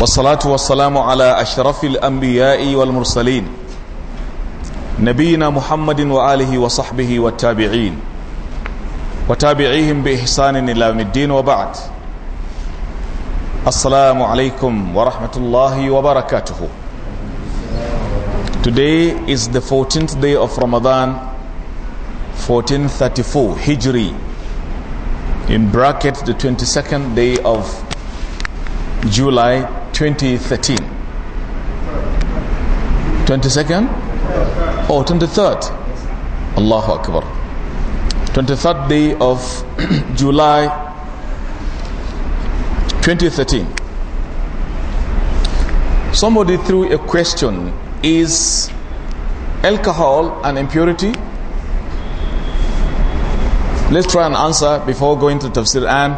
والصلاة والسلام على أشرف الأنبياء والمرسلين نبينا محمد وآله وصحبه والتابعين وتابعيهم بإحسان إلى الدين وبعد السلام عليكم ورحمة الله وبركاته Today is the 14th day of Ramadan, 1434 Hijri, in bracket the 22nd day of July 2013? 22nd? Or oh, 23rd? Allahu Akbar. 23rd day of July 2013. Somebody threw a question. Is alcohol an impurity? Let's try and answer before going to tafsir. And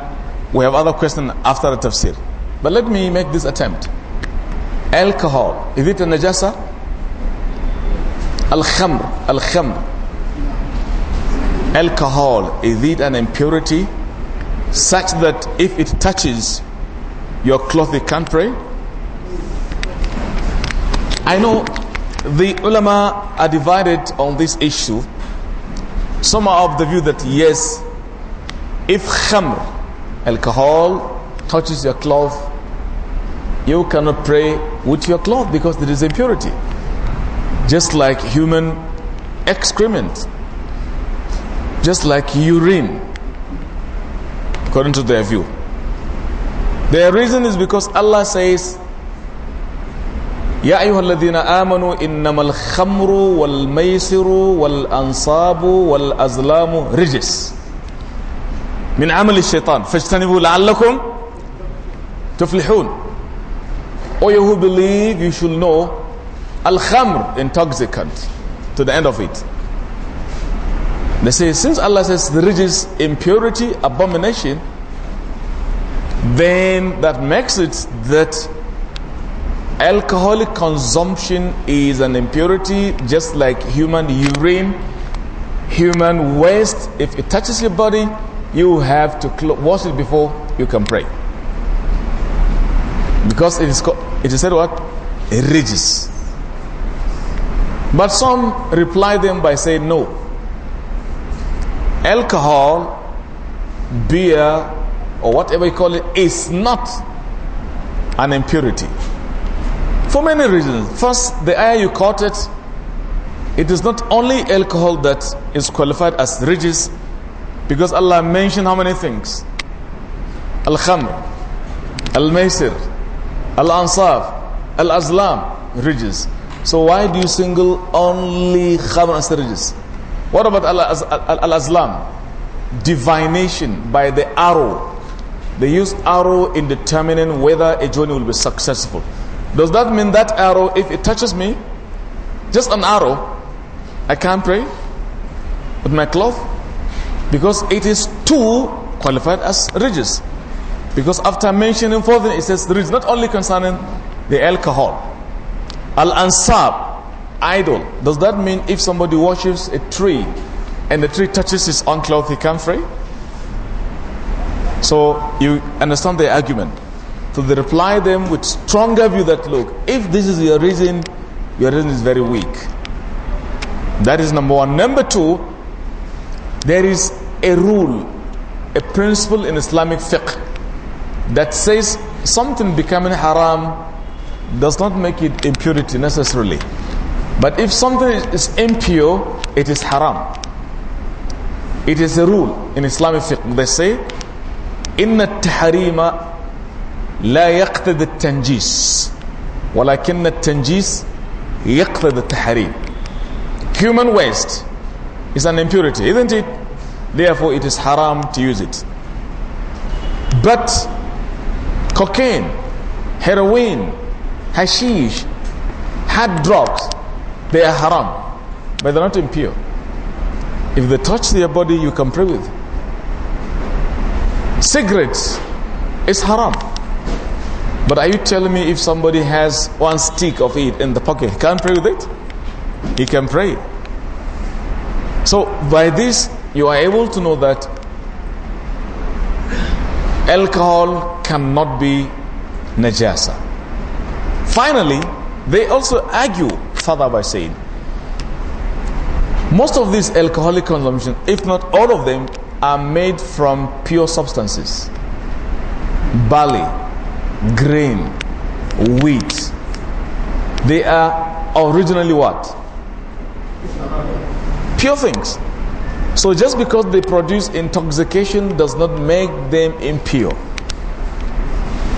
we have other question after the tafsir. But let me make this attempt. Alcohol, is it a najasa? Al-khamr, al-khamr. Alcohol, is it an impurity? Such that if it touches your cloth, you can't pray? I know the ulama are divided on this issue. Some are of the view that yes, if khamr, alcohol, touches your cloth, you cannot pray with your cloth because there is impurity. Just like human excrement. Just like urine. According to their view. Their reason is because Allah says, يا أيها الذين آمنوا إنما الخمر والميسر والأنصاب والأزلام رجس من عمل الشيطان فاجتنبوا لعلكم تفلحون O you who believe, you should know Al-Khamr, intoxicant, to the end of it. They say, since Allah says the there is impurity, abomination, then that makes it that alcoholic consumption is an impurity just like human urine, human waste. If it touches your body, you have to wash it before you can pray. Because it is called it is said what? Rages. But some reply them by saying no. Alcohol, beer, or whatever you call it, is not an impurity. For many reasons. First, the ayah you caught it. it is not only alcohol that is qualified as rages because Allah mentioned how many things? Al-Khamr, Al-Maisir, Al-Ansaf, Al-Azlam, ridges. So why do you single only Khamr as the ridges? What about Al-Azlam? Divination by the arrow. They use arrow in determining whether a journey will be successful. Does that mean that arrow, if it touches me, just an arrow, I can't pray with my cloth? Because it is too qualified as ridges. Because after mentioning further, it says there is not only concerning the alcohol. Al-ansab, idol. Does that mean if somebody worships a tree and the tree touches his own he can not free? So you understand the argument. So they reply them with stronger view that look, if this is your reason, your reason is very weak. That is number one. Number two, there is a rule, a principle in Islamic fiqh that says something becoming haram does not make it impurity necessarily. But if something is impure, it is haram. It is a rule in Islamic fiqh. They say, إِنَّ التَّحْرِيمَ لَا يَقْتَدِ التَّنْجِيسِ وَلَكِنَّ التَّنْجِيسِ يَقْتَدِ التَّحْرِيمِ Human waste is an impurity, isn't it? Therefore, it is haram to use it. But cocaine, heroin, hashish, hard drugs, they are haram, but they're not impure. If they touch their body, you can pray with. Cigarettes is haram. But are you telling me if somebody has one stick of it in the pocket, he can't pray with it? He can pray. So by this, you are able to know that alcohol cannot be najasa. Finally, they also argue further by saying, most of these alcoholic consumption, if not all of them, are made from pure substances. Barley, grain, wheat. They are originally what? Pure things. So just because they produce intoxication does not make them impure.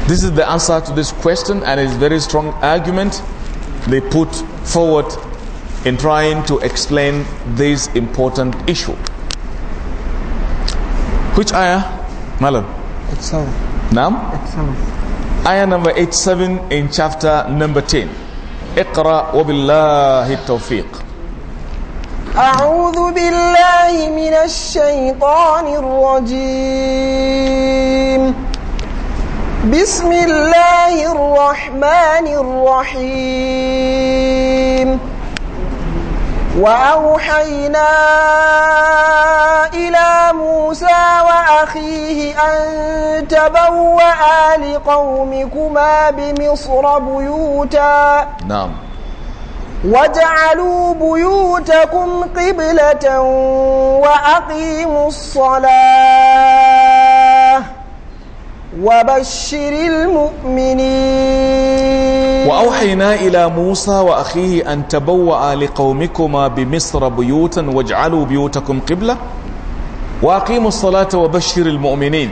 This is the answer to this question and it's very strong argument they put forward in trying to explain this important issue. Which ayah? Malam? 87. Nam? 87. Ayah number 87 in chapter number 10. اقرأ وبالله التوفيق أعوذ بالله من الشيطان الرجيم بسم الله الرحمن الرحيم وأوحينا إلى موسى وأخيه أن تبوأ لقومكما بمصر بيوتا نعم واجعلوا بيوتكم قبلة وأقيموا الصلاة وبشر المؤمنين وأوحينا إلى موسى وأخيه أن تبوأ لقومكما بمصر بيوتا واجعلوا بيوتكم قبلة وأقيموا الصلاة وبشر المؤمنين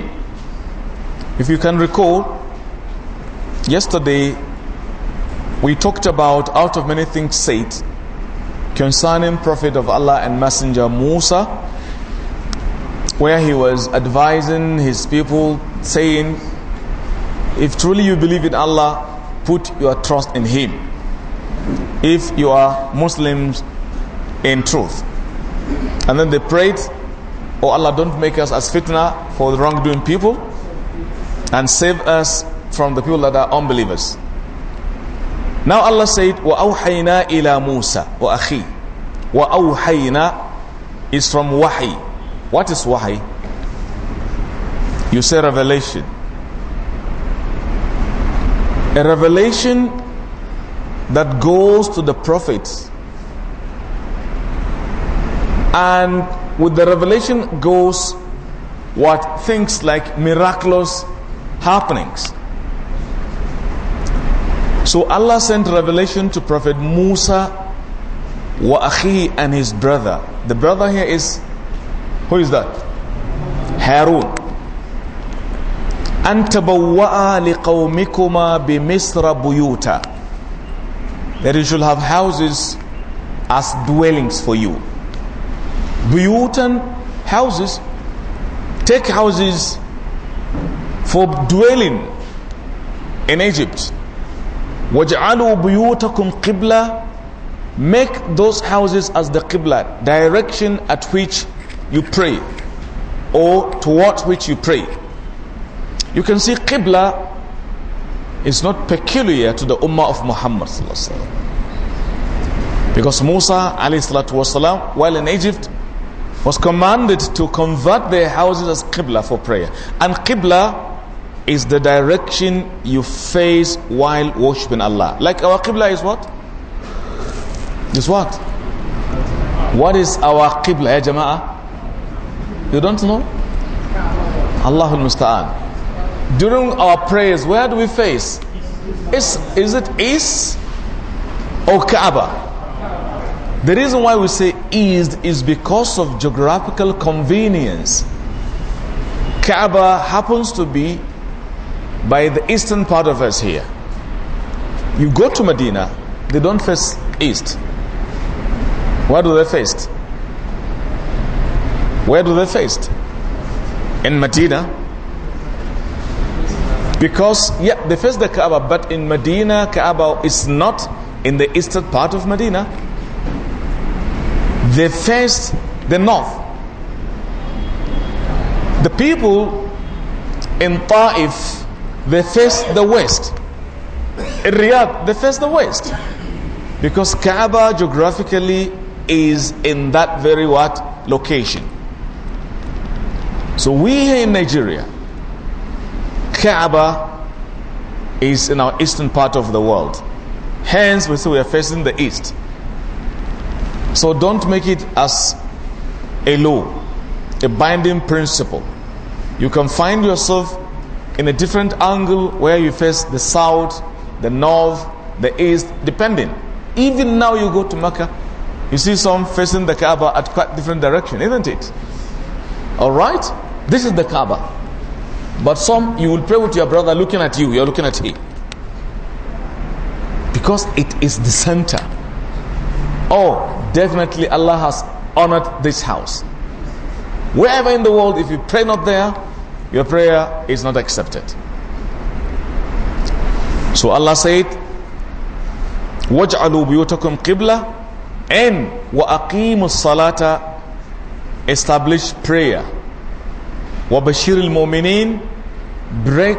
If you can recall, yesterday we talked about out of many things said concerning Prophet of Allah and Messenger Musa where he was advising his people saying, if truly you believe in Allah, put your trust in Him. If you are Muslims in truth. And then they prayed, Oh Allah, don't make us as fitna for the wrongdoing people and save us from the people that are unbelievers. Now Allah said, وَأَوْحَيْنَا إِلَى مُوسَى وَأَخِي وَأَوْحَيْنَا is from wahi. What is wahi? You say revelation. A revelation that goes to the prophets. And with the revelation goes what things like miraculous happenings. So Allah sent revelation to Prophet Musa wa akhi and his brother. The brother here is who is that? Harun. أن تبوأ لقومكما بمصر that you shall have houses as dwellings for you buyutan houses take houses for dwelling in Egypt وَجْعَلُوا بُيُوتَكُمْ قِبْلَةً Make those houses as the Qibla, direction at which you pray or towards which you pray. You can see Qibla is not peculiar to the Ummah of Muhammad because Musa والسلام, while in Egypt was commanded to convert their houses as Qibla for prayer and Qibla is the direction you face while worshipping Allah like our Qibla is what? is what? what is our Qibla ya Jama'ah? you don't know? Allahul Musta'an during our prayers, where do we face? Is, is it East or Kaaba? The reason why we say East is because of geographical convenience. Kaaba happens to be by the eastern part of us here. You go to Medina, they don't face east. Where do they face? Where do they face? In Medina, because, yeah, they face the Kaaba, but in Medina, Kaaba is not in the eastern part of Medina. They faced the north. The people in Ta'if, they faced the west. In Riyadh, they faced the west. Because Kaaba geographically is in that very what? Location. So we here in Nigeria, Kaaba is in our eastern part of the world. Hence, we say we are facing the east. So don't make it as a law, a binding principle. You can find yourself in a different angle where you face the south, the north, the east, depending. Even now you go to Mecca, you see some facing the Kaaba at quite different direction, isn't it? All right? This is the Kaaba. But some, you will pray with your brother looking at you, you're looking at him. Because it is the center. Oh, definitely Allah has honored this house. Wherever in the world, if you pray not there, your prayer is not accepted. So Allah said, وَاجْعَلُوا بِيُوتَكُمْ قِبْلَةً and وَأَقِيمُوا الصَّلَاةَ Establish prayer وَبَشِّرِ الْمُؤْمِنِينَ Break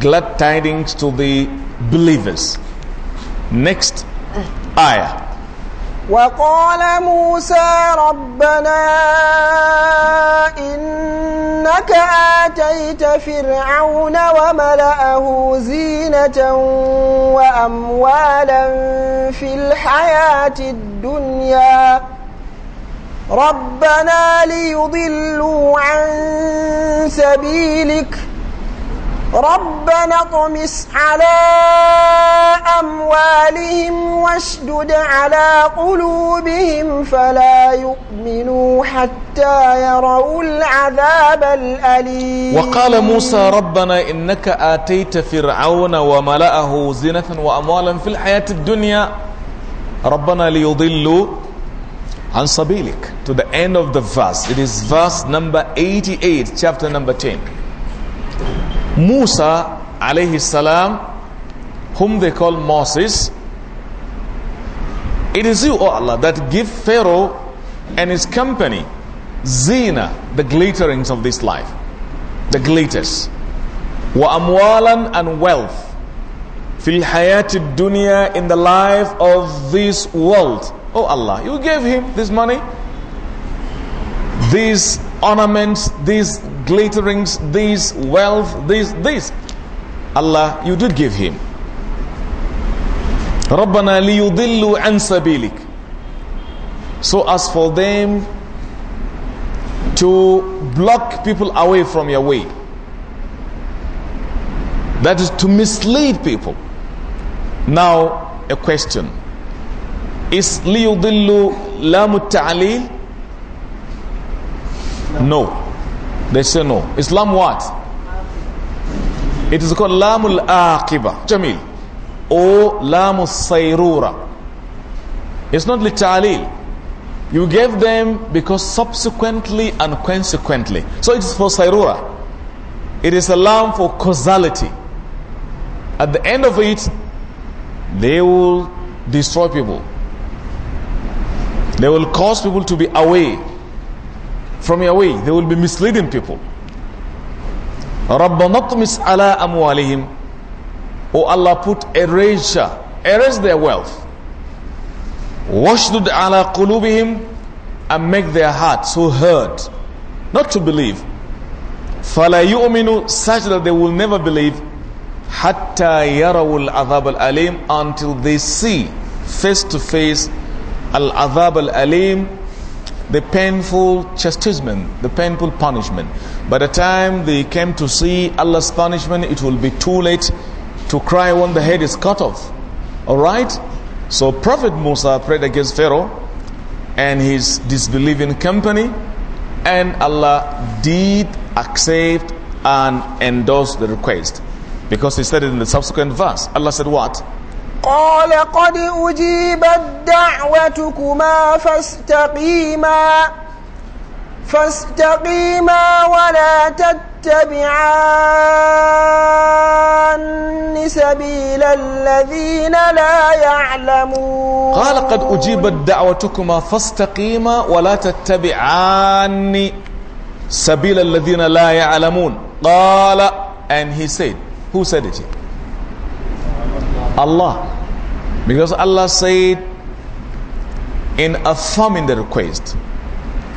glad tidings to the believers. Next ayah. وقال موسى ربنا إنك آتيت فرعون وملأه زينة وأموالا في الحياة الدنيا ربنا ليضلوا عن سبيلك ربنا اطمس على أموالهم واشدد على قلوبهم فلا يؤمنوا حتى يروا العذاب الأليم وقال موسى ربنا إنك آتيت فرعون وملأه زنة وأموالا في الحياة الدنيا ربنا ليضلوا And Sab'ilik to the end of the verse it is verse number 88 chapter number 10 Musa alayhi salam whom they call Moses it is you O Allah that give Pharaoh and his company zina the glitterings of this life the glitters wa amwalan and wealth fil hayati dunya in the life of this world Oh Allah, you gave him this money, these ornaments, these glitterings, these wealth, these, this. Allah, you did give him. رَبَّنَا ليُضلُّ عَنْ سَبِيلِكَ So as for them to block people away from your way. That is to mislead people. Now, a question. Is liyudillu lamu ta'lil? No. They say no. Islam what? It is called lamul aqiba. Jamil. Or lamu sayrura. It's not li ta'lil. You gave them because subsequently and consequently. So it's for Sairura. It is a Lam for causality. At the end of it, they will destroy people. They will cause people to be away from your way. They will be misleading people. رَبَّنَا طْمِسْ عَلَىٰ أَمْوَالِهِمْ O Allah, put erasure, erase their wealth. وَشْدُدْ عَلَىٰ قُلُوبِهِمْ And make their hearts so hurt, not to believe. فَلَا يُؤْمِنُوا Such that they will never believe حَتَّى يَرَوُوا الْعَذَابَ الْأَلِيمِ Until they see face to face Al-Azab al-Alim, the painful chastisement, the painful punishment. By the time they came to see Allah's punishment, it will be too late to cry when the head is cut off. Alright? So Prophet Musa prayed against Pharaoh and his disbelieving company and Allah did accept and endorse the request. Because he said in the subsequent verse, Allah said what? قال قد أجيبت دعوتكما فاستقيما فاستقيما ولا تتبعان سبيل الذين لا يعلمون قال قد أجيبت دعوتكما فاستقيما ولا تتبعان سبيل الذين لا يعلمون قال and he said who said it here Allah. Because Allah said in affirming the request,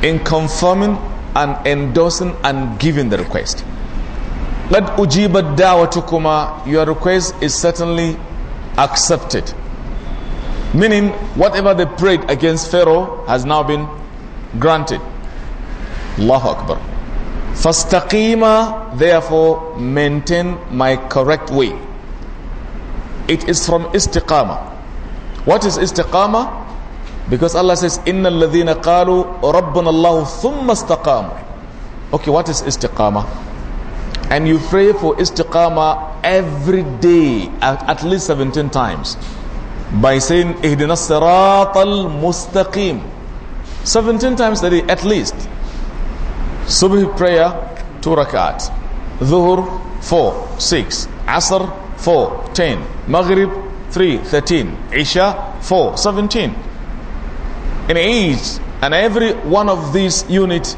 in confirming and endorsing and giving the request. Let ujiba dawatukuma, your request is certainly accepted. Meaning, whatever they prayed against Pharaoh has now been granted. Allahu Akbar. Fastaqima, therefore, maintain my correct way. It is from istiqama. What is istiqama? Because Allah says, إِنَّ الَّذِينَ qalu رَبُّنَ اللَّهُ thumma اسْتَقَامُوا Okay, what is istiqama? And you pray for istiqama every day, at, at least 17 times. By saying, إِهْدِنَا الصِّرَاطَ الْمُسْتَقِيمُ 17 times a day, at least. Subh prayer, 2 rakat. Dhuhr, 4, 6. Asr, 4, 10. Maghrib, 3, 13. Isha, 4, 17. In each and every one of these units,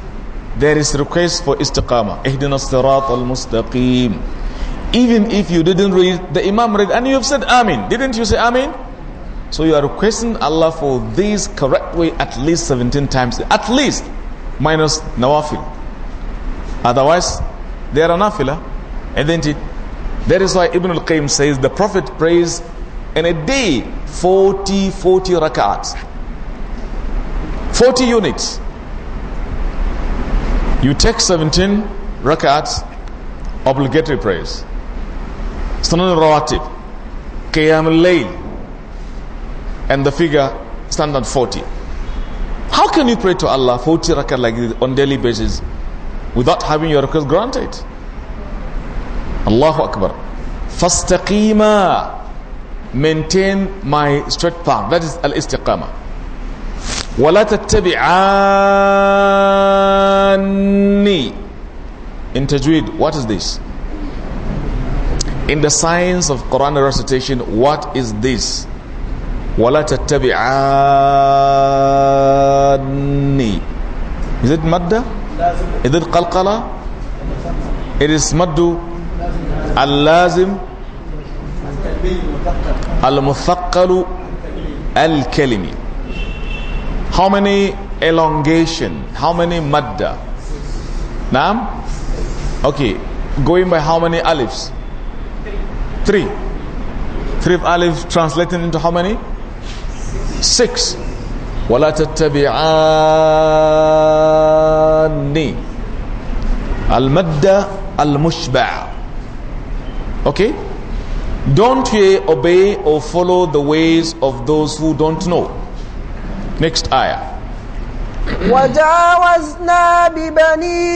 there is request for istiqamah. Ihdina sirat al-mustaqim. Even if you didn't read, the Imam read, and you have said Amin. Didn't you say Amin? So you are requesting Allah for this correct way at least 17 times. At least, minus nawafil. Otherwise, they are nafila, isn't it? That is why Ibn al-Qayyim says the Prophet prays in a day 40, 40 rak'ats. 40 units. You take 17 rak'ats, obligatory prayers. Sunan al-Rawatib, Qiyam al-Layl, and the figure standard 40. How can you pray to Allah 40 rak'at like this on daily basis without having your request granted? Allahu Akbar. Fastaqima. Maintain my straight path. That is al-istiqama. Wala تَتَّبِعَانِّي In tajweed, what is this? In the science of Quran recitation, what is this? Wala تَتَّبِعَانِّي Is it madda? Is it qalqala? It is maddu اللازم المثقل الكلمي how many elongation how many madda نعم okay going by how many alifs three three alifs translating into how many six ولا تتبعاني المد المشبعه Okay? Don't ye obey or follow the ways of those who don't know. Next ayah. وجاوزنا ببني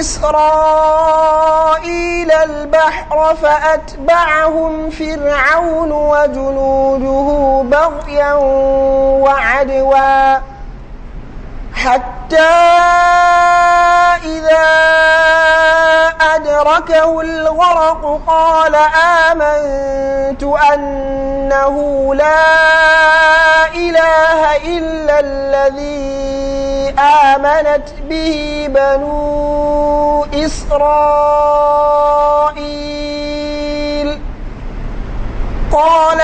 إسرائيل البحر فأتبعهم فرعون وجنوده بغيا وعدوا حتى إذا أدركه الغرق قال آمنت أنه لا إله إلا الذي آمنت به بنو إسرائيل قال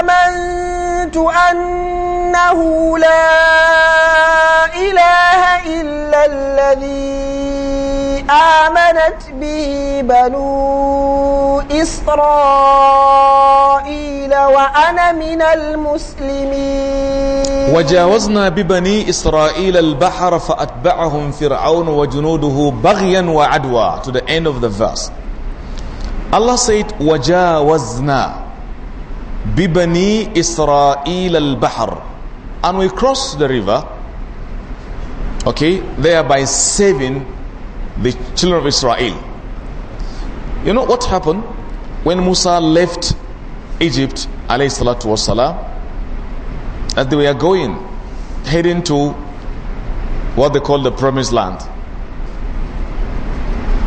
آمنت أنه لا إله إلا الذي آمنت به بنو إسرائيل وأنا من المسلمين وجاوزنا ببني إسرائيل البحر فأتبعهم فرعون وجنوده بغيا وعدوى to the end of the verse Allah said وجاوزنا Bibani Israel al Bahar. And we crossed the river, okay, thereby saving the children of Israel. You know what happened when Musa left Egypt, alayhi salatu wasalam, as they were going, heading to what they call the promised land.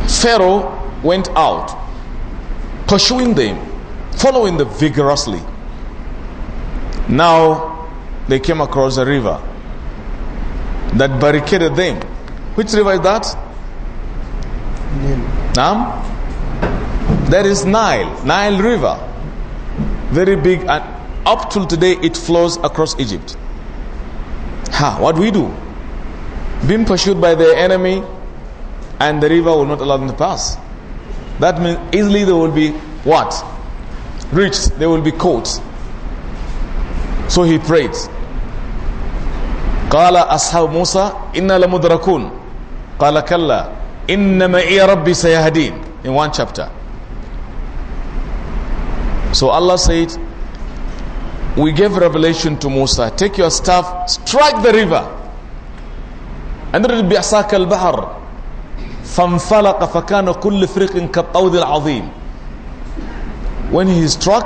Pharaoh went out, pursuing them following them vigorously. Now they came across a river that barricaded them. Which river is that? Nile. Um, that is Nile, Nile River. Very big and up till today it flows across Egypt. Ha, what do we do? Being pursued by the enemy and the river will not allow them to pass. That means easily they will be what? reached, they will be caught. So he prayed. قال أصحاب موسى إنا لمدركون قال كلا إِنَّمَا إِيَّا ربي سيهدين in one chapter so Allah said we gave revelation to Musa take your staff strike the river and it will be عصاك البحر فانفلق فكان كل فريق كالطود العظيم when he struck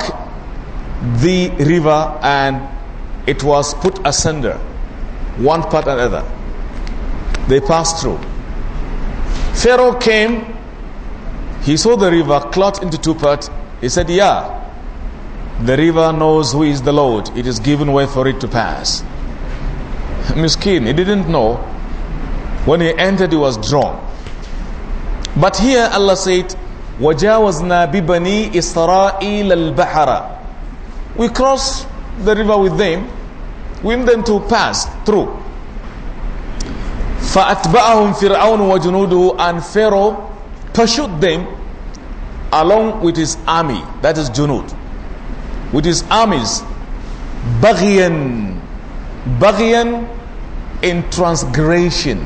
the river and it was put asunder, one part and other. They passed through. Pharaoh came, he saw the river clot into two parts. He said, Yeah, the river knows who is the Lord. It is given way for it to pass. Miskin, he didn't know. When he entered, he was drawn. But here Allah said, وَجَاوَزْنَا بِبَنِي إِسْرَائِيلَ الْبَحَرَ We crossed the river with them, with them to pass through. فاتبعهم فِرْعَوْنُ وَجُنُودُهُ And Pharaoh pursued them along with his army, that is Junud, with his armies, Baghyan, Baghyan in transgression,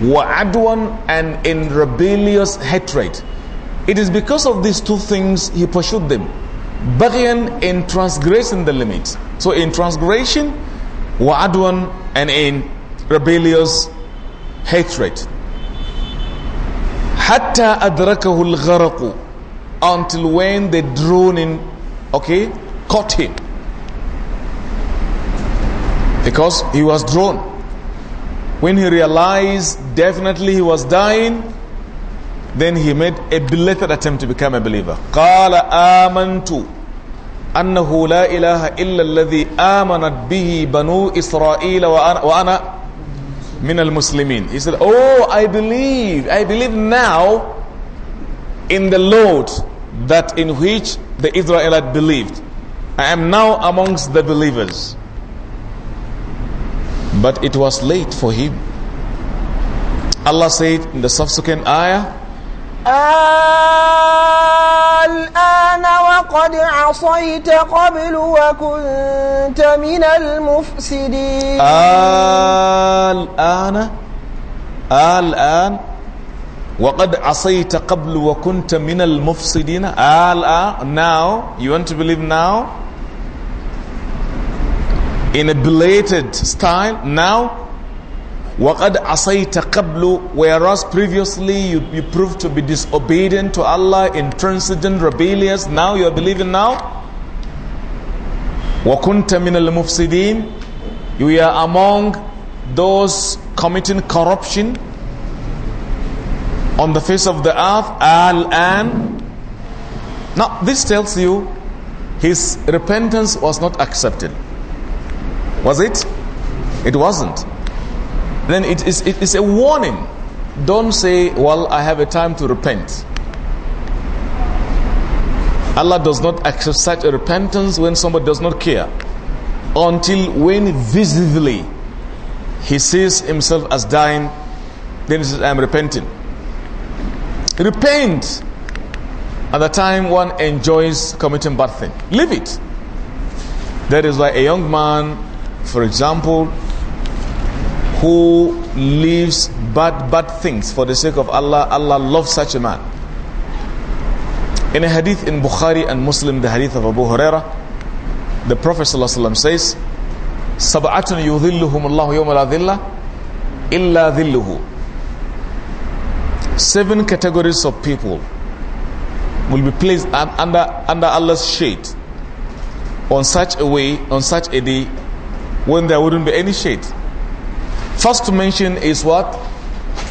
Wa'adwan and in rebellious hatred. It is because of these two things he pursued them. Baghyan in transgressing the limits. So in transgression, wa'adwan, and in rebellious hatred. Hatta adrakahul gharaqu. Until when the drowning, okay, caught him. Because he was drawn. When he realized definitely he was dying, then he made a belated attempt to become a believer. قال آمنت أنه لا إله إلا الذي آمنت به بنو إسرائيل وأنا, من المسلمين. He said, oh, I believe, I believe now in the Lord that in which the Israelite believed. I am now amongst the believers. But it was late for him. Allah said in the subsequent ayah, الآن وقد عصيت قبل وكنت من المفسدين الآن الآن وقد عصيت قبل وكنت من المفسدين الآن now you want to believe now in a belated style now وَقَدْ أَصَيْتَ قَبْلُ Whereas previously you, you proved to be disobedient to Allah, intransigent, rebellious. Now you are believing now. وَكُنْتَ مِنَ الْمُفْسِدِينَ You are among those committing corruption on the face of the earth. Al-an. Now this tells you his repentance was not accepted. Was it? It wasn't then it is it is a warning. Don't say, well, I have a time to repent. Allah does not accept such a repentance when somebody does not care. Until when visibly he sees himself as dying, then he says, I am repenting. Repent at the time one enjoys committing bad thing. Leave it. That is why a young man, for example, who leaves bad bad things for the sake of Allah Allah loves such a man in a hadith in Bukhari and Muslim the hadith of Abu Huraira the Prophet ﷺ says سبعة يظلهم الله يوم لا ظل إلا ظله seven categories of people will be placed under under Allah's shade on such a way on such a day when there wouldn't be any shade First to mention is what?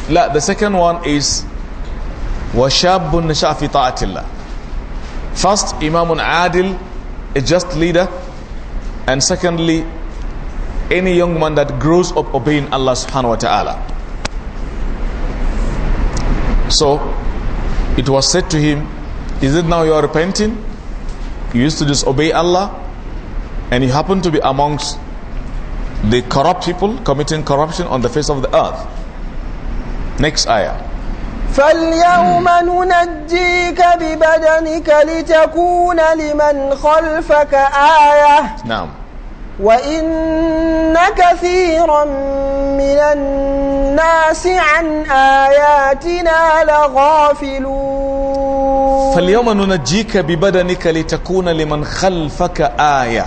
La, the second one is وَشَابٌ نَشَأَ فِي First, Imam Adil, a just leader. And secondly, any young man that grows up obeying Allah subhanahu wa ta'ala. So, it was said to him, is it now you are repenting? You used to disobey Allah and you happen to be amongst the corrupt people committing corruption on the face of the earth. Next ayah. فاليوم ننجيك ببدنك لتكون لمن خلفك آية نعم وإن كثيرا من الناس عن آياتنا لغافلون فاليوم ننجيك ببدنك لتكون لمن خلفك آية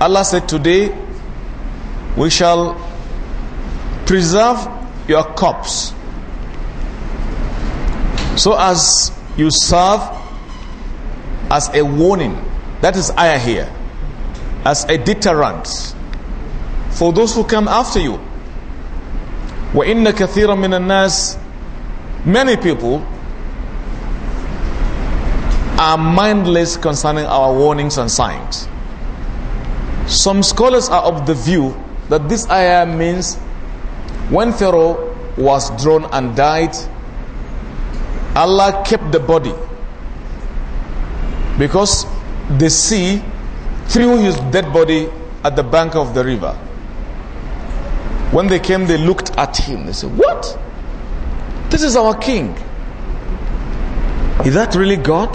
Allah said today we shall preserve your cups so as you serve as a warning that is ayah here as a deterrent for those who come after you وَإِنَّ كَثِيرًا مِنَ النَّاسِ Many people are mindless concerning our warnings and signs. Some scholars are of the view that this ayah means when Pharaoh was drawn and died, Allah kept the body because the sea threw his dead body at the bank of the river. When they came, they looked at him. They said, What? This is our king. Is that really God?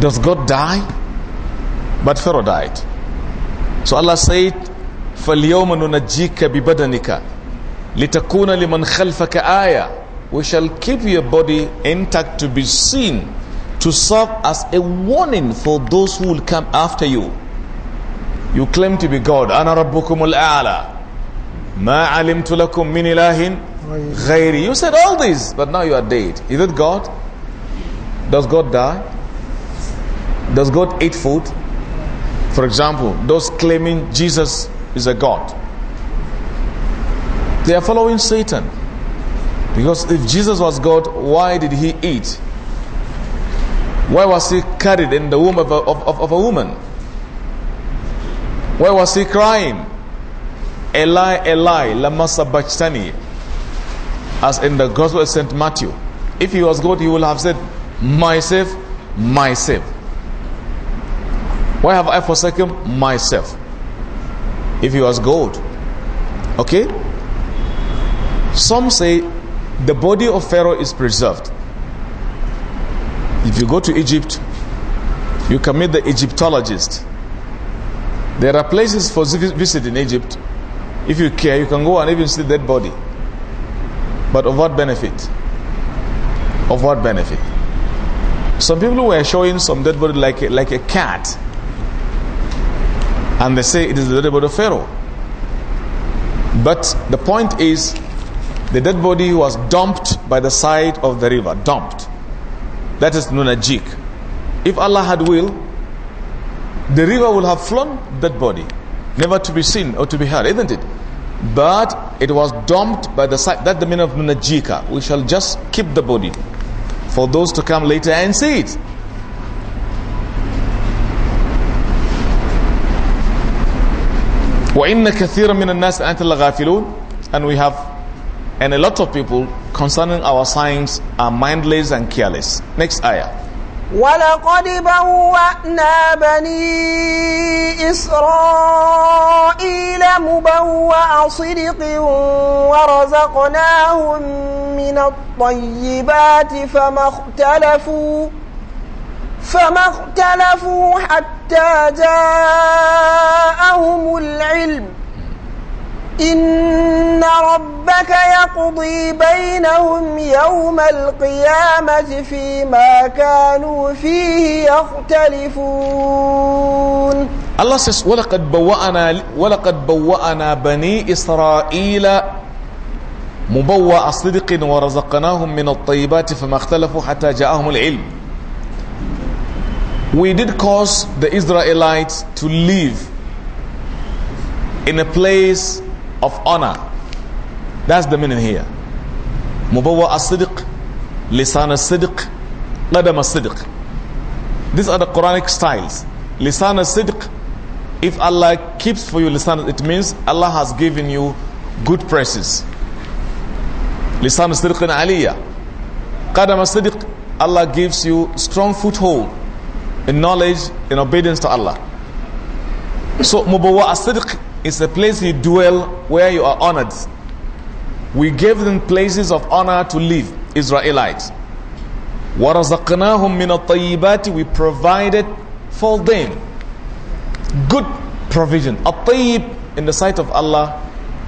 Does God die? But Pharaoh died. So Allah said, we shall keep your body intact to be seen to serve as a warning for those who will come after you. You claim to be God. Ana rabbukumul a'la. Ma alimtu lakum min ilahin ghayri. You said all this, but now you are dead. Is it God? Does God die? Does God eat food? For example, those claiming Jesus is a god. They are following Satan. Because if Jesus was God, why did he eat? Why was he carried in the womb of a, of, of a woman? Why was he crying? Eli, Eli, lama sabachthani. As in the Gospel of St. Matthew. If he was God, he would have said, myself, myself. Why have I forsaken myself? if he was gold. Okay? Some say the body of Pharaoh is preserved. If you go to Egypt, you can meet the Egyptologist. There are places for visit in Egypt. If you care, you can go and even see that body. But of what benefit? Of what benefit? Some people were showing some dead body like a, like a cat and they say it is the dead body of Pharaoh. But the point is, the dead body was dumped by the side of the river. Dumped. That is Nunajik. If Allah had will, the river will have flown that body, never to be seen or to be heard, isn't it? But it was dumped by the side. That's the meaning of Nunajika. We shall just keep the body for those to come later and see it. وَإِنَّ كَثِيرًا مِنَ النَّاسِ أَنْتَ لَغَافِلُونَ And we have, and a lot of people concerning our signs are mindless and careless. Next ayah. ولقد بوأنا بني إسرائيل مبوأ صدق ورزقناهم من الطيبات فما اختلفوا فما اختلفوا حتى جاءهم العلم إن ربك يقضي بينهم يوم القيامة فيما كانوا فيه يختلفون الله says ولقد بوأنا ولقد بوأنا بني إسرائيل مبوأ صدق ورزقناهم من الطيبات فما اختلفوا حتى جاءهم العلم we did cause the Israelites to live in a place of honor. That's the meaning here. Mubawa as-sidq, lisan as-sidq, qadam as-sidq. These are the Quranic styles. Lisan as-sidq, if Allah keeps for you lisan, it means Allah has given you good praises. Lisan as-sidq aliyah. Qadam as-sidq, Allah gives you strong foothold in knowledge, in obedience to Allah. So Mubawa as is a place you dwell where you are honored. We gave them places of honor to live, Israelites. وَرَزَقْنَاهُمْ مِنَ الطَّيِّبَاتِ We provided for them good provision. At-tayyib in the sight of Allah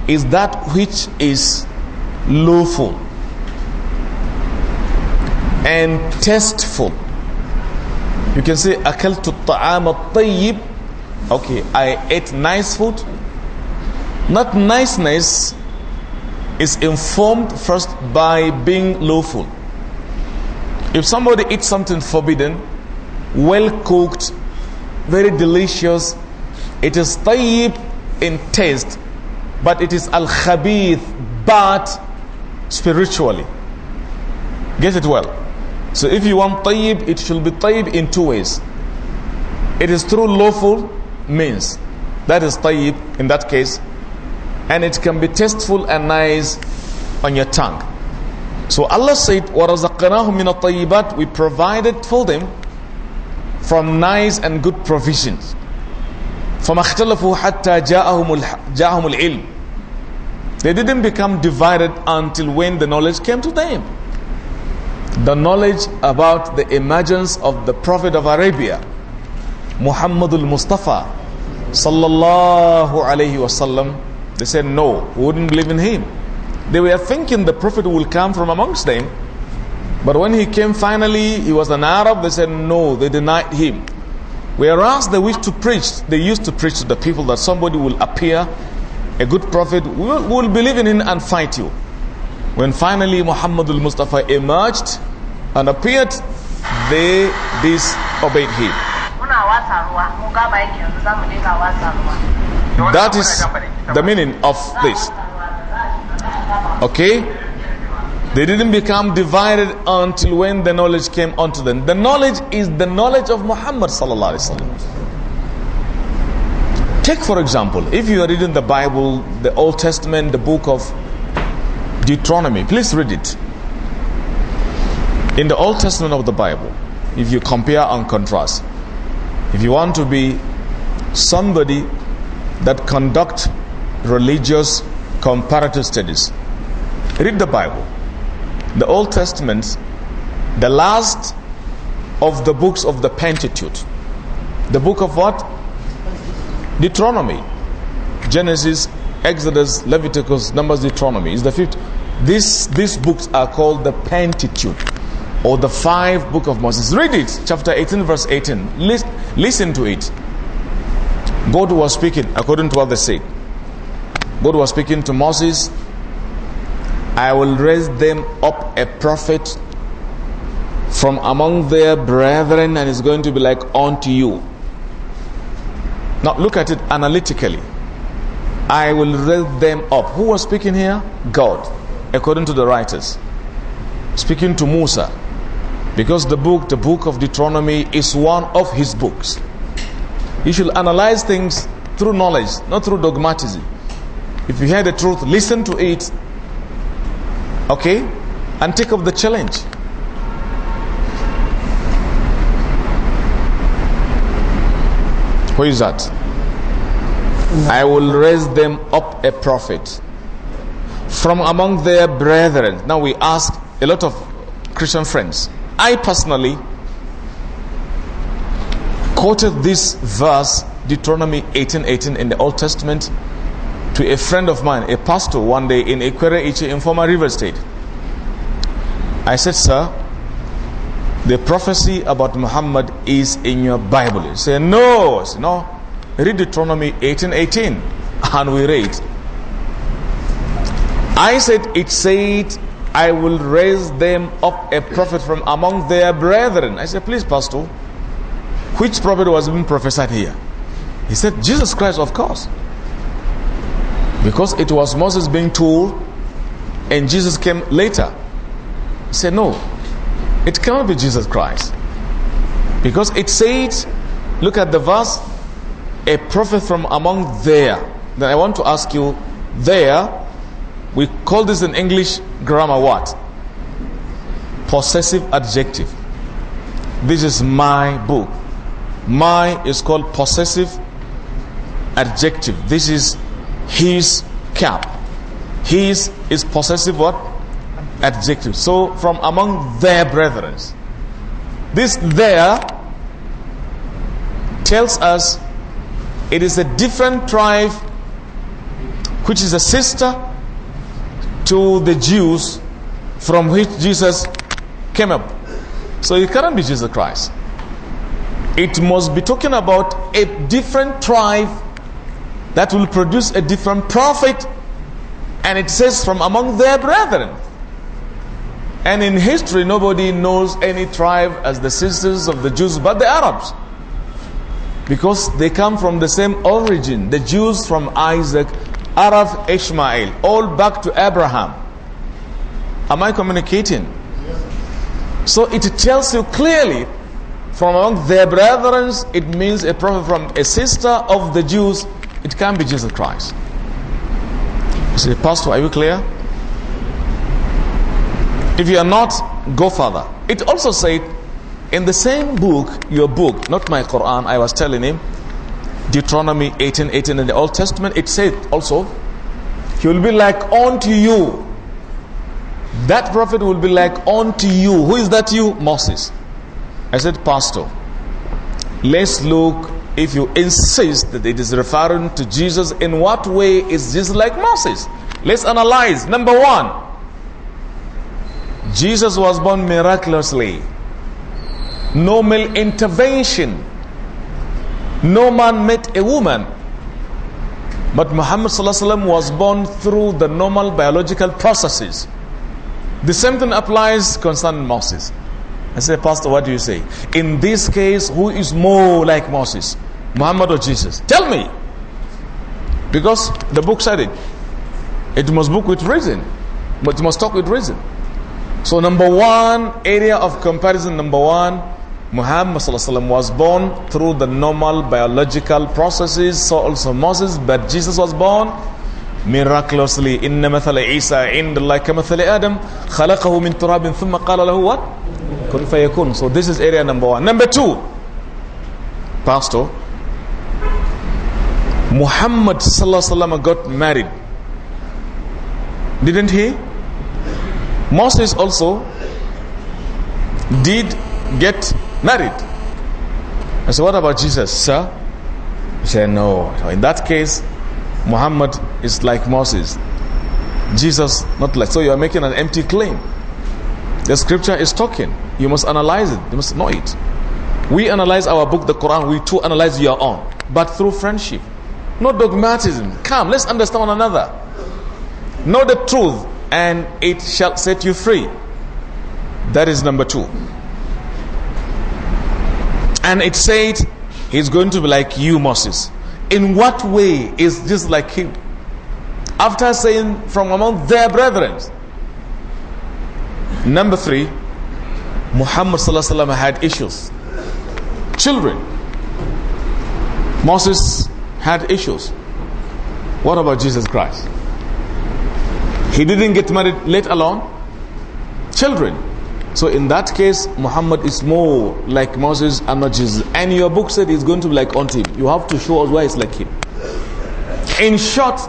is that which is lawful and tasteful you can say أكلت الطعام الطيب. Okay, I ate nice food. Not niceness is informed first by being lawful. If somebody eats something forbidden, well cooked, very delicious, it is tayyib in taste, but it is al khabith bad spiritually. Get it well. So if you want tayyib, it should be tayyib in two ways. It is through lawful means. That is tayyib in that case. And it can be tasteful and nice on your tongue. So Allah said, وَرَزَقْنَاهُمْ مِنَ الطَّيِّبَاتِ We provided for them from nice and good provisions. فَمَا اخْتَلَفُوا حَتَّى جَاءَهُمُ الْعِلْمِ They didn't become divided until when the knowledge came to them the knowledge about the emergence of the Prophet of Arabia, Muhammadul Mustafa, sallallahu alayhi wasallam. They said, no, we wouldn't believe in him. They were thinking the Prophet will come from amongst them. But when he came finally, he was an Arab. They said, no, they denied him. Whereas they wished to preach, they used to preach to the people that somebody will appear, a good prophet, we will, will believe in him and fight you. When finally Muhammadul Mustafa emerged and appeared, they disobeyed him. That is the meaning of this. Okay? They didn't become divided until when the knowledge came unto them. The knowledge is the knowledge of Muhammad Take for example, if you are reading the Bible, the Old Testament, the book of Deuteronomy. Please read it. In the Old Testament of the Bible, if you compare and contrast, if you want to be somebody that conduct religious comparative studies, read the Bible. The Old Testament, the last of the books of the Pentateuch. The book of what? Deuteronomy, Genesis, Exodus, Leviticus, Numbers, Deuteronomy. Is the fifth. This, these books are called the Pentateuch or the five book of Moses. Read it, chapter 18, verse 18. List, listen to it. God was speaking according to what they said. God was speaking to Moses. I will raise them up a prophet from among their brethren and is going to be like unto you. Now look at it analytically. I will raise them up. Who was speaking here? God, according to the writers. Speaking to Musa. Because the book, the book of Deuteronomy, is one of his books. You should analyze things through knowledge, not through dogmatism. If you hear the truth, listen to it. Okay? And take up the challenge. Who is that? I will raise them up a prophet from among their brethren. Now we ask a lot of Christian friends. I personally quoted this verse, Deuteronomy 18:18 18, in the Old Testament, to a friend of mine, a pastor, one day in Equere Ichi in former River State. I said, Sir, the prophecy about Muhammad is in your Bible. He said, No. said, No. Read Deuteronomy 18:18 18, and we read. I said it said I will raise them up a prophet from among their brethren. I said, please, Pastor, which prophet was being prophesied here? He said, Jesus Christ, of course. Because it was Moses being told, and Jesus came later. He said, no, it cannot be Jesus Christ. Because it said, look at the verse, a prophet from among there, then I want to ask you, there, we call this in English grammar what? Possessive adjective. This is my book. My is called possessive adjective. This is his cap. His is possessive what? Adjective. So from among their brethren. This there tells us it is a different tribe which is a sister to the Jews from which Jesus came up. So it cannot be Jesus Christ. It must be talking about a different tribe that will produce a different prophet. And it says from among their brethren. And in history, nobody knows any tribe as the sisters of the Jews but the Arabs. Because they come from the same origin. The Jews from Isaac, Arab, Ishmael, all back to Abraham. Am I communicating? Yes. So it tells you clearly from among their brethren, it means a prophet from a sister of the Jews. It can be Jesus Christ. say, Pastor, are you clear? If you are not, go further. It also said, in the same book, your book, not my Quran, I was telling him, Deuteronomy 18, 18 in the Old Testament, it said also, he will be like unto you. That prophet will be like unto you. Who is that you? Moses. I said, Pastor, let's look if you insist that it is referring to Jesus, in what way is Jesus like Moses? Let's analyze. Number one, Jesus was born miraculously no male intervention. No man met a woman. But Muhammad was born through the normal biological processes. The same thing applies concerning Moses. I say, Pastor, what do you say? In this case, who is more like Moses? Muhammad or Jesus? Tell me. Because the book said it. It must book with reason. But it must talk with reason. So number one, area of comparison, number one, Muhammad was born through the normal biological processes, so also Moses, but Jesus was born miraculously. إِنَّ مَثَلَ عِيسَى عِنْدَ اللَّهِ كَمَثَلِ آدَمْ خَلَقَهُ مِنْ تُرَابٍ ثُمَّ قَالَ لَهُ what? "Kun fayakun." So this is area number one. Number two, Pastor, Muhammad got married. Didn't he? Moses also did get married. I said, what about Jesus, sir? He said, no. In that case, Muhammad is like Moses. Jesus, not like. So you are making an empty claim. The scripture is talking. You must analyze it. You must know it. We analyze our book, the Quran. We too analyze your own. But through friendship. No dogmatism. Come, let's understand one another. Know the truth and it shall set you free. That is number two. And it said, He's going to be like you, Moses. In what way is this like him? After saying, From among their brethren. Number three, Muhammad had issues. Children. Moses had issues. What about Jesus Christ? He didn't get married, let alone children. So in that case, Muhammad is more like Moses and not Jesus. And your book said he's going to be like unto him. You have to show us why it's like him. In short,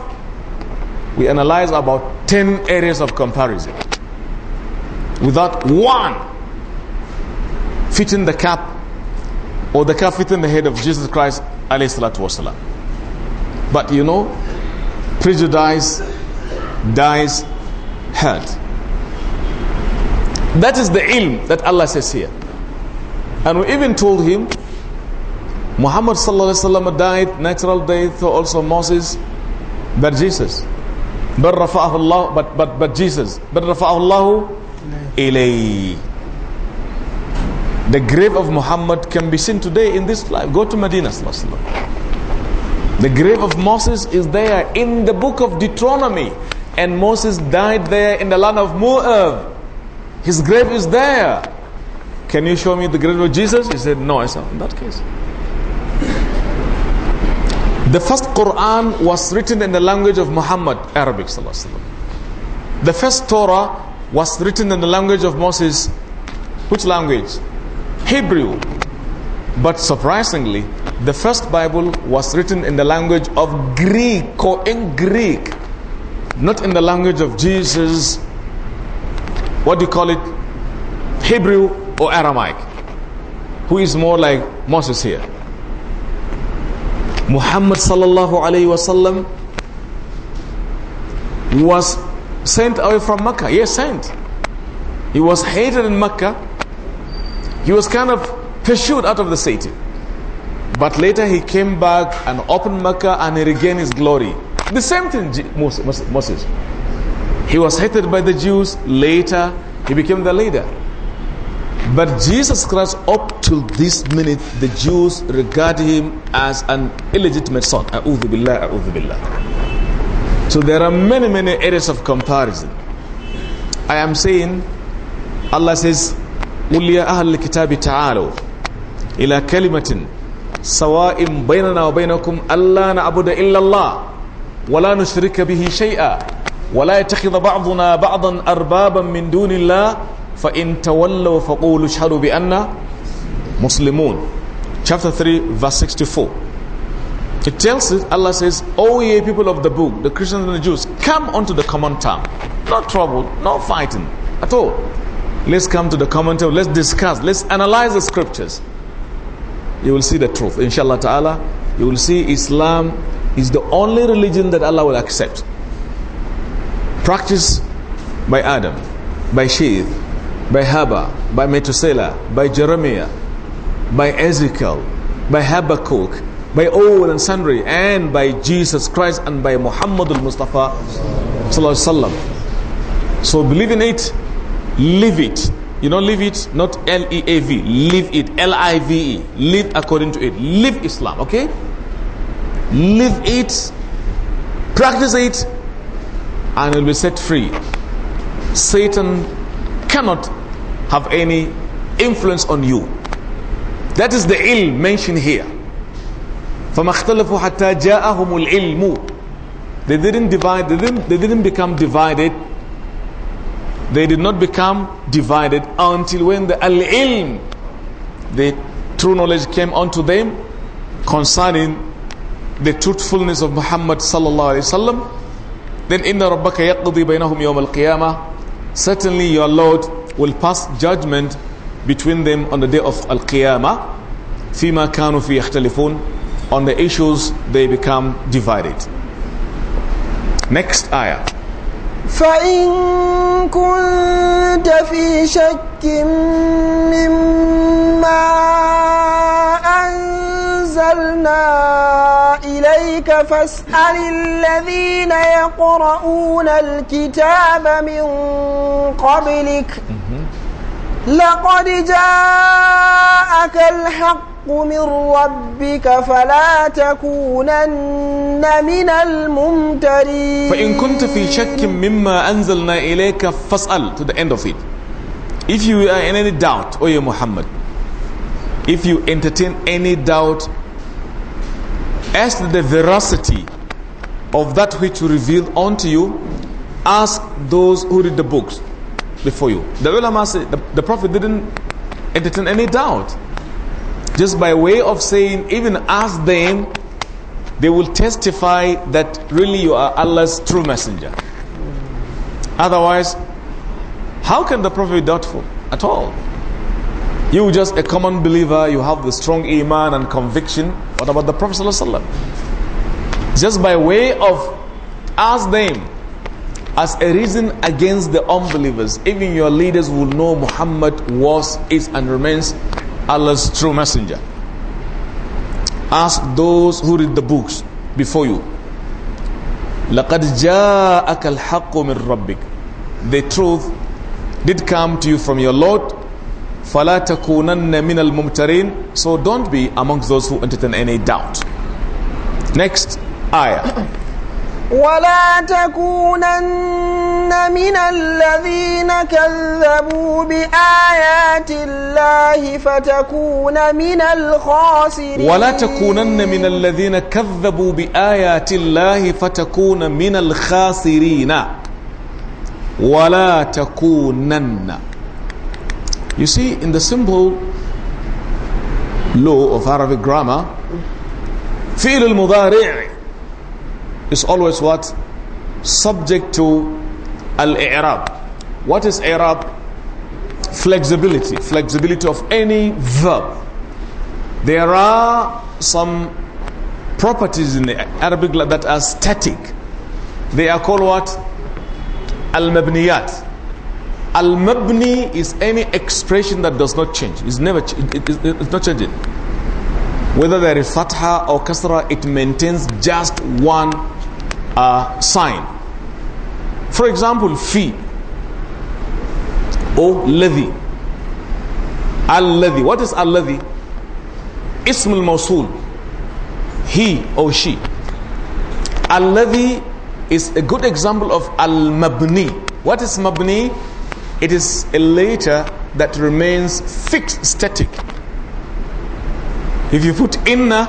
we analyze about 10 areas of comparison without one fitting the cap or the cap fitting the head of Jesus Christ wasalam. But you know, prejudice dies hurt. That is the ilm that Allah says here. And we even told him, Muhammad sallallahu died natural death, also Moses, but Jesus. But rafa'ahu Allah, but, but, but Jesus. But rafa'ahu ilay. The grave of Muhammad can be seen today in this life. Go to Medina sallallahu The grave of Moses is there in the book of Deuteronomy. And Moses died there in the land of Moab. His grave is there. Can you show me the grave of Jesus? He said, No. I said, In that case. The first Quran was written in the language of Muhammad, Arabic. The first Torah was written in the language of Moses. Which language? Hebrew. But surprisingly, the first Bible was written in the language of Greek or in Greek, not in the language of Jesus what do you call it, Hebrew or Aramaic. Who is more like Moses here? Muhammad sallallahu alayhi wasallam was sent away from Mecca. Yes, sent. He was hated in Mecca. He was kind of pursued out of the city. But later he came back and opened Mecca and he regained his glory. The same thing Moses. He was hated by the Jews. Later, he became the leader. But Jesus Christ, up till this minute, the Jews regard him as an illegitimate son. So there are many, many areas of comparison. I am saying, Allah says, قل يا أهل الكتاب تعالوا إلى كلمة سواء بيننا وبينكم ألا نعبد إلا الله ولا نشرك به شيئا ولا يتخذ بعضنا بعضا أربابا من دون الله فإن تولوا فقولوا اشهدوا بأننا مسلمون chapter 3 verse 64 it tells us Allah says O ye people of the book the Christians and the Jews come unto the common town no trouble no fighting at all let's come to the common town let's discuss let's analyze the scriptures you will see the truth inshallah ta'ala you will see Islam is the only religion that Allah will accept practiced by Adam, by Sheath, by Haba, by Methuselah, by Jeremiah, by Ezekiel, by Habakkuk, by all and sundry, and by Jesus Christ and by Muhammadul Mustafa. So believe in it, live it. You know, live it, not L E A V, live it, L I V E, live according to it, live Islam, okay? Live it, practice it, and will be set free. Satan cannot have any influence on you. That is the ill mentioned here. فَمَا اخْتَلَفُوا حَتَّى جَاءَهُمُ الْعِلْمُ They didn't divide, they didn't, they didn't become divided. They did not become divided until when the al-ilm, the true knowledge came unto them concerning the truthfulness of Muhammad sallallahu alayhi wasallam Then inna rabbaka yaqdi bainahum yawm al-qiyamah. Certainly your Lord will pass judgment between them on the day of al-qiyamah. Fima kanu fi yakhtalifun. On the issues they become divided. Next ayah. فإن كنت في شك مما أرسلنا إليك فاسأل الذين يقرؤون الكتاب من قبلك لقد جاءك الحق من ربك فلا تكونن من الممترين فإن كنت في شك مما أنزلنا إليك فاسأل to the end of it if you are in any doubt oh yeah, Muhammad if you entertain any doubt As to the veracity of that which we reveal unto you, ask those who read the books before you. The ulama said the, the Prophet didn't entertain any doubt. Just by way of saying, even ask them, they will testify that really you are Allah's true messenger. Otherwise, how can the Prophet be doubtful at all? You just a common believer, you have the strong iman and conviction, what about the Prophet Just by way of ask them as a reason against the unbelievers. Even your leaders will know Muhammad was, is, and remains Allah's true messenger. Ask those who read the books before you. لَقَدْ جَاءَكَ الْحَقُّ مِنْ رَبِّكَ The truth did come to you from your Lord فَلَا تَكُونَنَّ مِنَ الْمُمْتَرِينَ So don't be amongst those who entertain any doubt. Next ayah. ولا تكونن من الذين كذبوا بآيات الله فتكون من الخاسرين ولا تكونن من الذين كذبوا بآيات الله فتكون من الخاسرين ولا تكونن You see, in the simple law of Arabic grammar, فعل المضارع is always what? Subject to al-i'rab. What is i'rab? Flexibility. Flexibility of any verb. There are some properties in the Arabic that are static. They are called what? Al-mabniyat. Al mabni is any expression that does not change. It's never it, it, it's not changing. Whether there is fatha or kasra, it maintains just one uh, sign. For example, fi or oh, ladhi. Al-ladhi. What is al-ladhi? Ism al-mawsul. He or she. Al-ladhi is a good example of al-mabni. What is mabni? it is a letter that remains fixed, static. If you put inna,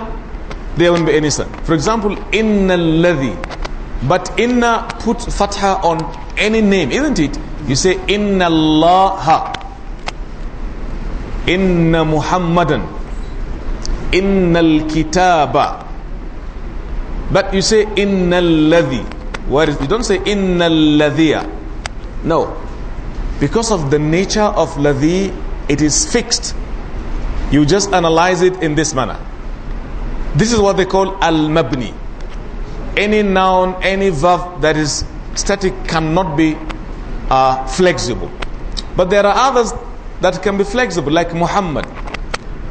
there won't be any sound. For example, inna ladhi. But inna put fatha on any name, isn't it? You say inna laha. inna muhammadan, inna al-kitaba. But you say inna ladhi. Whereas you don't say inna ladhiya. No, because of the nature of ladhi, it is fixed. You just analyze it in this manner. This is what they call al-mabni. Any noun, any verb that is static cannot be uh, flexible. But there are others that can be flexible, like Muhammad.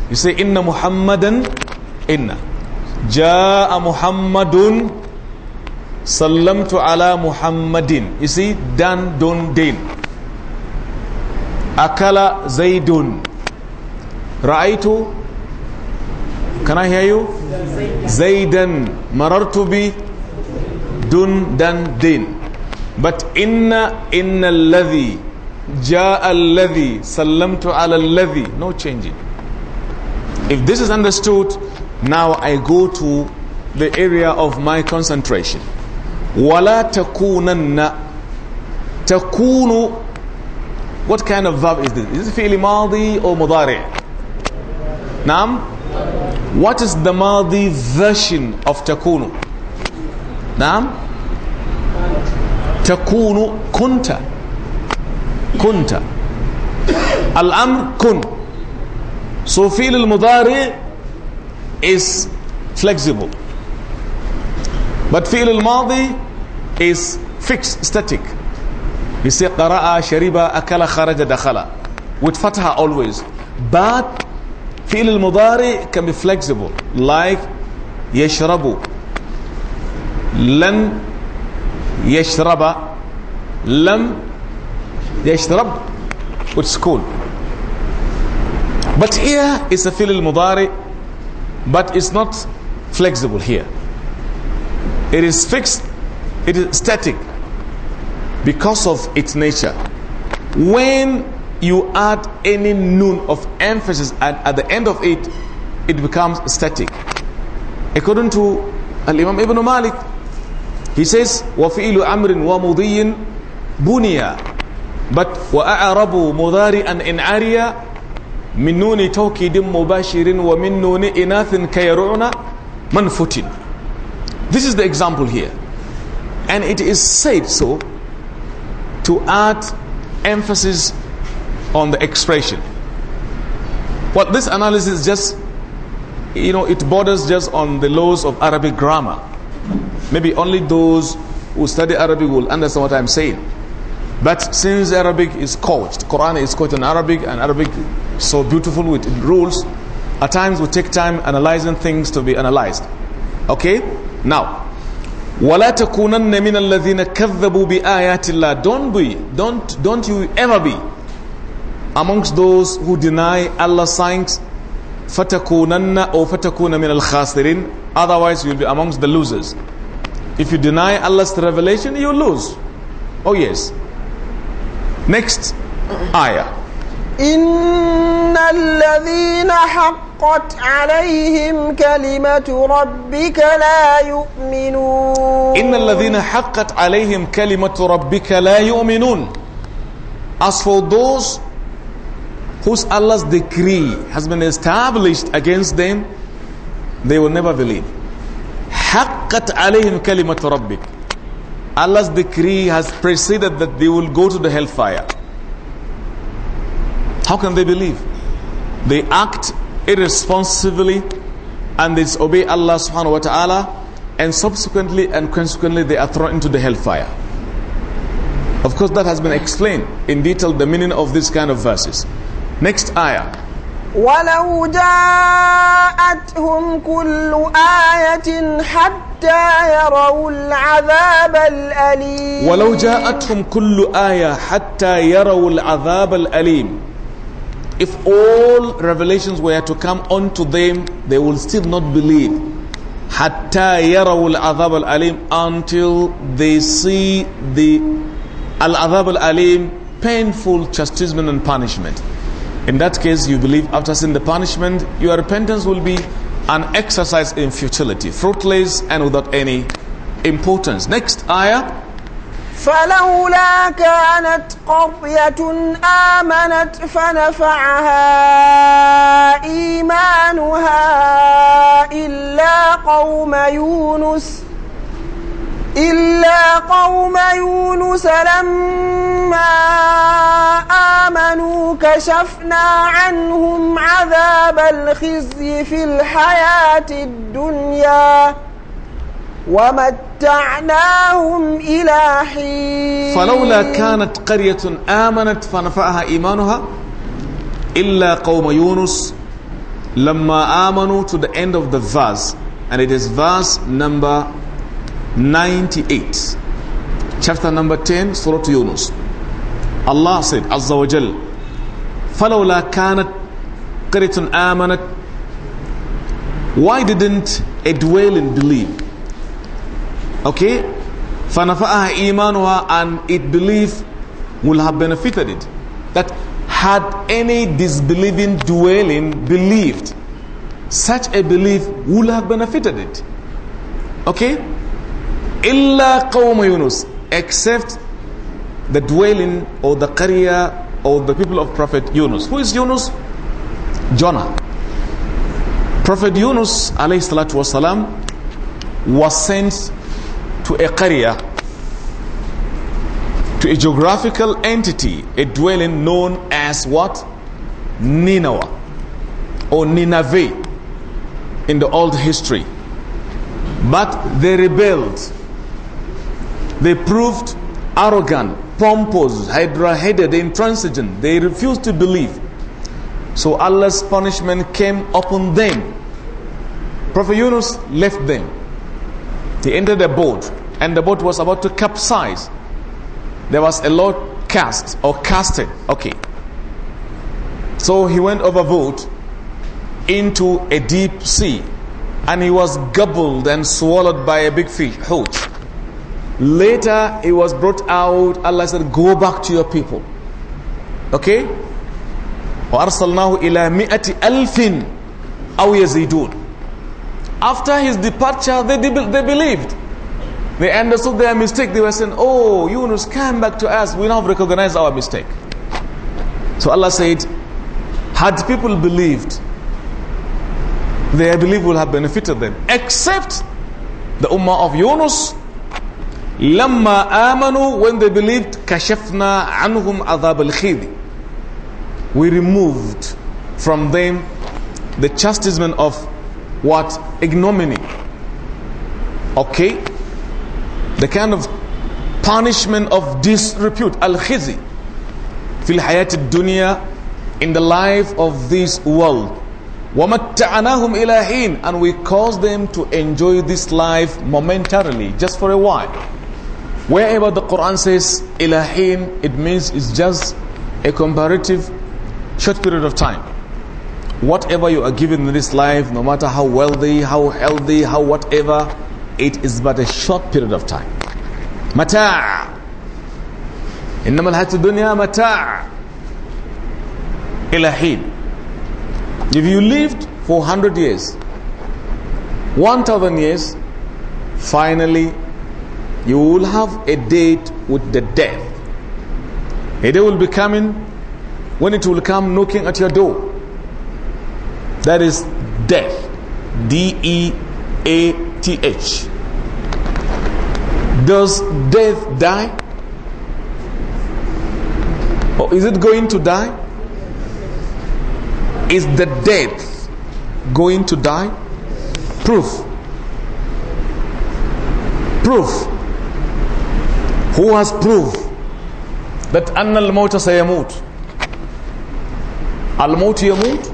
You say, Inna Muhammadan, Inna. Ja'a Muhammadun, tu ala Muhammadin. You see, dan, don, din. Akala Zaidun. Ra'aitu. Can I hear you? Zaidan. Marartu bi dun dan din. But inna inna alladhi. Ja'a alladhi. Sallamtu ala alladhi. No changing. If this is understood, now I go to the area of my concentration. وَلَا تَكُونَنَّ تَكُونُ what kind of verb is this? Is it fi'li madi or mudari? Nam? What is the madi version of takunu? Naam? تكون كنت كنت الأمر kun. so فعل المضارع is flexible but فعل الماضي is fixed static He said, Qara'a, Shariba, Akala, Kharaja, Dakhala. With fatha always. But fi'l al-mudari can be flexible. Like yashrabu. Lan yashraba. Lam yashrab. with school But here is a fi'l al-mudari. But it's not flexible here. It is fixed. It is static. because of its nature. When you add any noon of emphasis at, at the end of it, it becomes static. According to Al Imam Ibn Malik, he says, وَفِئِلُ أَمْرٍ وَمُضِيٍّ بُنِيَا But وَأَعْرَبُ مُضَارِئًا إِنْ عَرِيَا من نون wa مباشر ومن نون إناث كيرعنا futin." This is the example here. And it is said so to add emphasis on the expression. What this analysis just, you know, it borders just on the laws of Arabic grammar. Maybe only those who study Arabic will understand what I'm saying. But since Arabic is coached, Quran is coached in Arabic, and Arabic is so beautiful with rules, at times we take time analyzing things to be analyzed. Okay? Now, وَلَا تَكُونَنَّ مِنَ الَّذِينَ كَذَّبُوا بِآيَاتِ اللَّهِ Don't be, don't, don't you ever be amongst those who deny Allah's signs فَتَكُونَنَّ or فَتَكُونَ al-khasirin Otherwise you'll be amongst the losers. If you deny Allah's revelation, you lose. Oh yes. Next ayah. In من الذين حقت عليهم كلمة ربك لا يؤمنون إن الذين حقت عليهم كلمة ربك لا يؤمنون As for those whose Allah's decree has been established against them, they will never believe. حقت عليهم كلمة ربك Allah's decree has preceded that they will go to the hellfire. How can they believe? They act irresponsibly and they disobey Allah subhanahu wa ta'ala and subsequently and consequently they are thrown into the hellfire. Of course that has been explained in detail the meaning of this kind of verses. Next ayah. ولو جاءتهم كل آية حتى يروا العذاب الأليم ولو جاءتهم كل آية حتى يروا العذاب الأليم if all revelations were to come unto them, they will still not believe. Hatta alim until they see the al adab al alim painful chastisement and punishment. In that case, you believe after seeing the punishment, your repentance will be an exercise in futility, fruitless and without any importance. Next ayah. فلولا كانت قرية آمنت فنفعها إيمانها إلا قوم يونس إلا قوم يونس لما آمنوا كشفنا عنهم عذاب الخزي في الحياة الدنيا ومتعناهم إلى حين فلولا كانت قرية آمنت فنفعها إيمانها إلا قوم يونس لما آمنوا to the end of the verse and it is verse number 98 chapter number 10 سورة يونس Allah said عز وجل فلولا كانت قرية آمنت why didn't a dwelling believe Okay? فَنَفَأَهَا إِيمَانُهَا And its belief will have benefited it. That had any disbelieving dwelling believed, such a belief would have benefited it. Okay? إِلَّا قَوْمَ يُنُسْ Except the dwelling or the career or the people of Prophet Yunus. Who is Yunus? Jonah. Prophet Yunus alayhi salatu wasalam was sent to a qaria, to a geographical entity, a dwelling known as what? Nineveh or Nineveh in the old history. But they rebelled. They proved arrogant, pompous, hydra-headed, intransigent. They refused to believe. So Allah's punishment came upon them. Prophet Yunus left them. He entered a boat and the boat was about to capsize. There was a lot cast or casted. Okay. So he went overboard into a deep sea and he was gobbled and swallowed by a big fish, hoot. Later he was brought out. Allah said, go back to your people. Okay? وَأَرْسَلْنَاهُ إِلَى مِئَةِ أَلْفٍ أَوْ يَزِيدُونَ after his departure, they, they believed. They understood their mistake. They were saying, Oh, Yunus, come back to us. We now recognize our mistake. So Allah said, Had people believed, their belief would have benefited them. Except the Ummah of Yunus. Lamma amanu, when they believed, kashafna anhum adhab al We removed from them the chastisement of what? Ignominy. Okay? The kind of punishment of disrepute. Al-khizi. Fil hayat dunya. In the life of this world. وَمَتَّعَنَاهُمْ إِلَى And we cause them to enjoy this life momentarily, just for a while. Wherever the Quran says ilahim, it means it's just a comparative short period of time. Whatever you are given in this life, no matter how wealthy, how healthy, how whatever, it is but a short period of time. Mata' إنما الحياة الدنيا متاع إلى If you lived for 100 years, 1000 years, finally you will have a date with the death. A day will be coming when it will come knocking at your door. That is death. D E A T H. Does death die? Or is it going to die? Is the death going to die? Proof. Proof. Who has proof that أن الموت سيموت؟ الموت يموت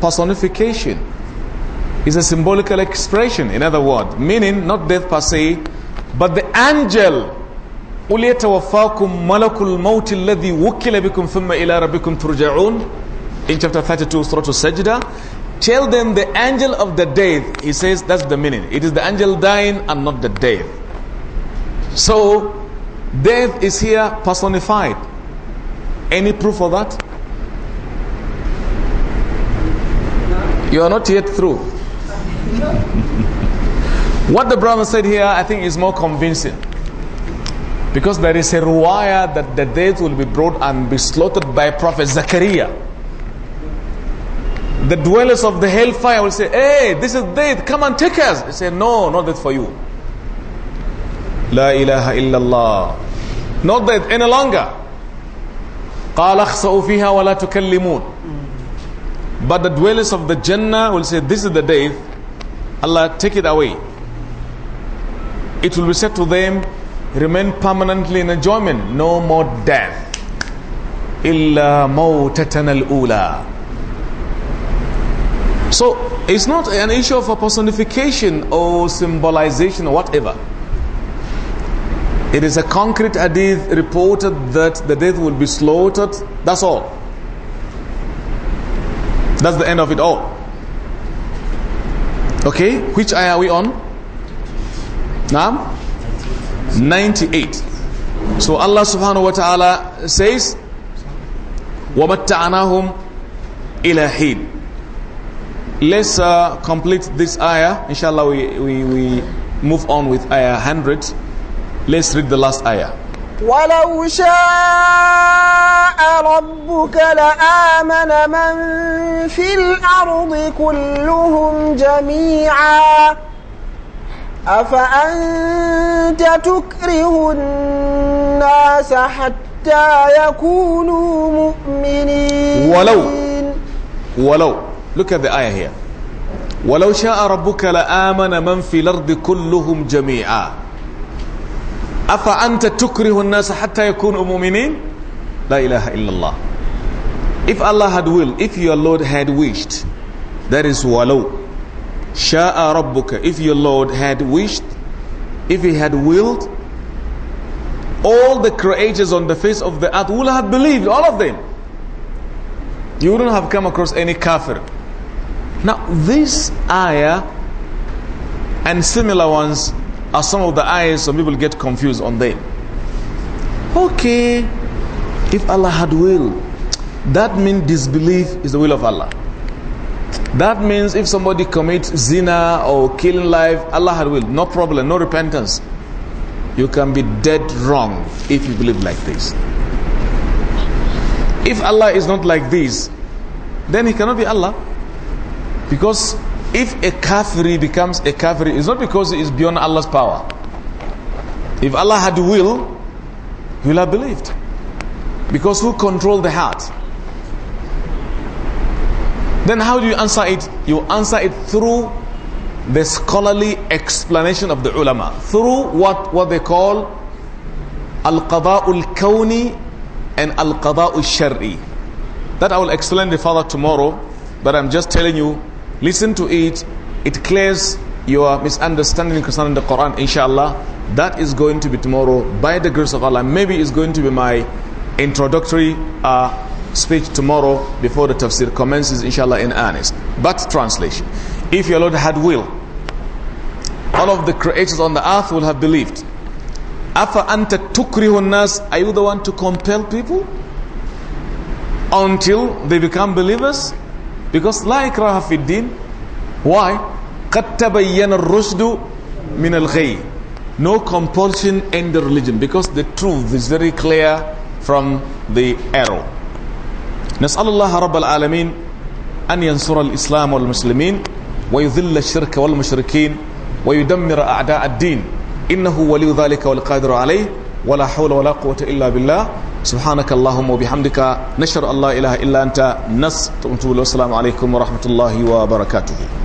personification. It's a symbolical expression, in other words, meaning not death per se, but the angel in chapter 32 Surah al tell them the angel of the death he says that's the meaning it is the angel dying and not the death so death is here personified any proof of that You are not yet through. what the brother said here, I think, is more convincing. Because there is a ruwaya that the dead will be brought and be slaughtered by Prophet Zachariah. The dwellers of the hellfire will say, Hey, this is death, come and take us. They say, No, not that for you. La ilaha illallah. Not that any longer. قال فيها ولا تكلمون but the dwellers of the Jannah will say, This is the death." Allah take it away. It will be said to them, Remain permanently in enjoyment, no more death. Illa mawtatana al-ula. So it's not an issue of a personification or symbolization or whatever. It is a concrete hadith reported that the death will be slaughtered. That's all. That's the end of it all. Okay, which ayah are we on? Now, 98. So Allah subhanahu wa ta'ala says, وَمَتَّعَنَاهُمْ إِلَى حِينٍ Let's uh, complete this ayah. Inshallah, we, we, we move on with ayah 100. Let's read the last ayah. ولو شاء ربك لآمن من في الأرض كلهم جميعا أفأنت تكره الناس حتى يكونوا مؤمنين ولو ولو look at the ayah here ولو شاء ربك لآمن من في الأرض كلهم جميعا afa anta tukrihun nas hatta yakunu mu'minin la ilaha illallah if allah had will if your lord had wished that is walau sha'a rabbuka if your lord had wished if he had willed all the creatures on the face of the earth would have believed all of them you wouldn't have come across any kafir now this ayah and similar ones are some of the eyes? some people get confused on them. Okay, if Allah had will, that means disbelief is the will of Allah. That means if somebody commits zina or killing life, Allah had will, no problem, no repentance. You can be dead wrong if you believe like this. If Allah is not like this, then he cannot be Allah. Because if a kafiri becomes a kafiri, it's not because it is beyond Allah's power. If Allah had will, he will have believed. Because who control the heart? Then how do you answer it? You answer it through the scholarly explanation of the ulama. Through what, what they call al-qada'ul kawni and al-qada'ul shari. That I will explain the further tomorrow, but I'm just telling you Listen to it. It clears your misunderstanding concerning the Quran, inshallah. That is going to be tomorrow by the grace of Allah. Maybe it's going to be my introductory uh, speech tomorrow before the tafsir commences, inshallah, in earnest. But translation. If your Lord had will, all of the creators on the earth will have believed. Afa anta tukrihun nas, are you the one to compel people? Until they become believers? Because لا إكراه في الدين Why? قد تبين الرشد من الغي No compulsion in the religion because the truth is very clear from the arrow نسأل الله رب العالمين أن ينصر الإسلام والمسلمين ويذل الشرك والمشركين ويدمر أعداء الدين إنه ولي ذلك والقادر عليه ولا حول ولا قوة إلا بالله subhanakallahumma wa bihamdika nashhadu an la ilaha illa anta nastaghfiruka wa assalamu alaikum wa rahmatullahi wa barakatuhu.